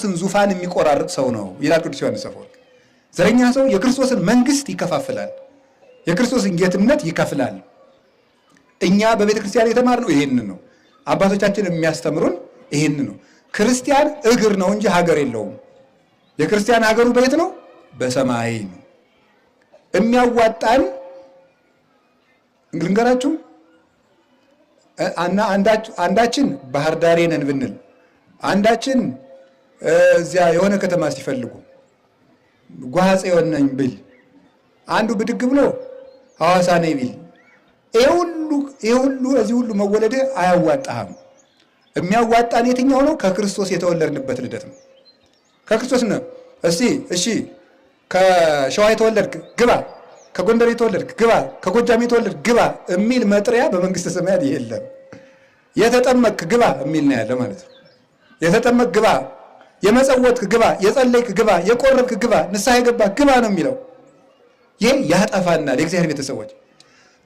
የክርስቶስን ዙፋን የሚቆራርጥ ሰው ነው ይላል ቅዱስ ዮሐንስ አፈወርቅ። ዘረኛ ሰው የክርስቶስን መንግስት ይከፋፍላል፣ የክርስቶስን ጌትነት ይከፍላል። እኛ በቤተ ክርስቲያን የተማርነው ይሄን ነው። አባቶቻችን የሚያስተምሩን ይሄንን ነው። ክርስቲያን እግር ነው እንጂ ሀገር የለውም። የክርስቲያን ሀገሩ በየት ነው? በሰማይ ነው። የሚያዋጣን እንግልንገራችሁ አንዳችን ባህር ዳሬ ነን ብንል አንዳችን እዚያ የሆነ ከተማ ሲፈልጉ ጓሐፀ የሆነኝ ብል አንዱ ብድግ ብሎ ሐዋሳ ነኝ ቢል ይሄ ሁሉ እዚህ ሁሉ መወለድህ አያዋጣህም። የሚያዋጣን የትኛው ነው? ከክርስቶስ የተወለድንበት ልደት ነው። ከክርስቶስ ነው። እስቲ እሺ፣ ከሸዋ የተወለድክ ግባ፣ ከጎንደር የተወለድክ ግባ፣ ከጎጃም የተወለድክ ግባ የሚል መጥሪያ በመንግስተ ሰማያት የለም። የተጠመቅክ ግባ የሚል ነው ያለ ማለት ነው። የተጠመቅክ ግባ የመጸወትክ ግባ፣ የጸለይክ ግባ፣ የቆረብክ ግባ፣ ንስሐ የገባ ግባ ነው የሚለው። ይህ ያጠፋናል። የእግዚአብሔር ቤተሰቦች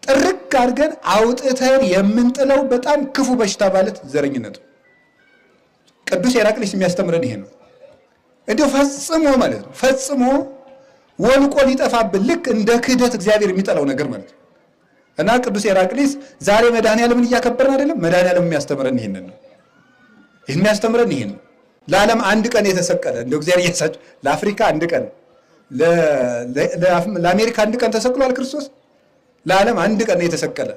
ጥርቅ አድርገን አውጥተን የምንጥለው በጣም ክፉ በሽታ ማለት ዘረኝነቱ። ቅዱስ የራቅልሽ የሚያስተምረን ይሄ ነው። እንዲሁ ፈጽሞ ማለት ነው ፈጽሞ ወልቆ ሊጠፋብን ልክ እንደ ክህደት እግዚአብሔር የሚጠላው ነገር ማለት ነው። እና ቅዱስ ኤራቅሊስ ዛሬ መድኃኔ ዓለምን እያከበርን አይደለም። መድኃኔ የሚያስተምረን ይህንን ነው። የሚያስተምረን ይህን ነው። ለዓለም አንድ ቀን የተሰቀለ እንደ እግዚአብሔር እያሳቸው ለአፍሪካ አንድ ቀን ለአሜሪካ አንድ ቀን ተሰቅሏል ክርስቶስ። ለዓለም አንድ ቀን የተሰቀለ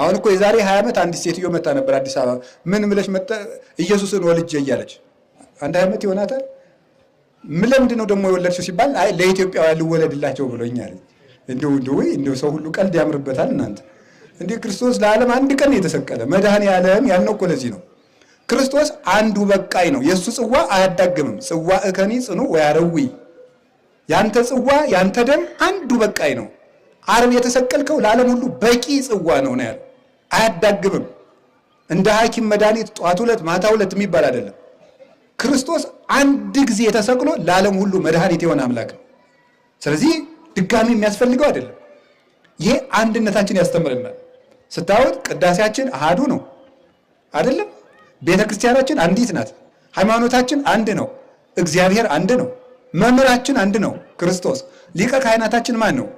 አሁን እኮ የዛሬ ሀያ ዓመት አንዲት ሴትዮ መታ ነበር አዲስ አበባ። ምን ብለሽ መጣ? ኢየሱስን ወልጄ እያለች አንድ ዓመት ይሆናታል። ምን ለምንድን ነው ደግሞ የወለድሽው ሲባል ለኢትዮጵያውያን ልወለድላቸው ብሎኛል። እንደው እንደው እንደው ሰው ሁሉ ቀልድ ያምርበታል እናንተ እንዲህ ክርስቶስ ለዓለም አንድ ቀን የተሰቀለ መድኃኔ ዓለም ያልነው እኮ ለዚህ ነው። ክርስቶስ አንዱ በቃይ ነው። የእሱ ጽዋ አያዳግምም። ጽዋ እከኒ ጽኑ ወያረዊ ያንተ ጽዋ ያንተ ደም አንዱ በቃይ ነው። አርብ የተሰቀልከው ለዓለም ሁሉ በቂ ጽዋ ነው ነው ያለው። አያዳግምም። እንደ ሐኪም መድኃኒት ጧት ሁለት ማታ ሁለት የሚባል አይደለም። ክርስቶስ አንድ ጊዜ ተሰቅሎ ለዓለም ሁሉ መድኃኒት የሆነ አምላክ ነው። ስለዚህ ድጋሚ የሚያስፈልገው አይደለም። ይሄ አንድነታችን ያስተምረናል። ስታወት ቅዳሴያችን አሃዱ ነው አይደለም ቤተ ክርስቲያናችን አንዲት ናት። ሃይማኖታችን አንድ ነው። እግዚአብሔር አንድ ነው። መምህራችን አንድ ነው፣ ክርስቶስ። ሊቀ ካህናታችን ማን ነው?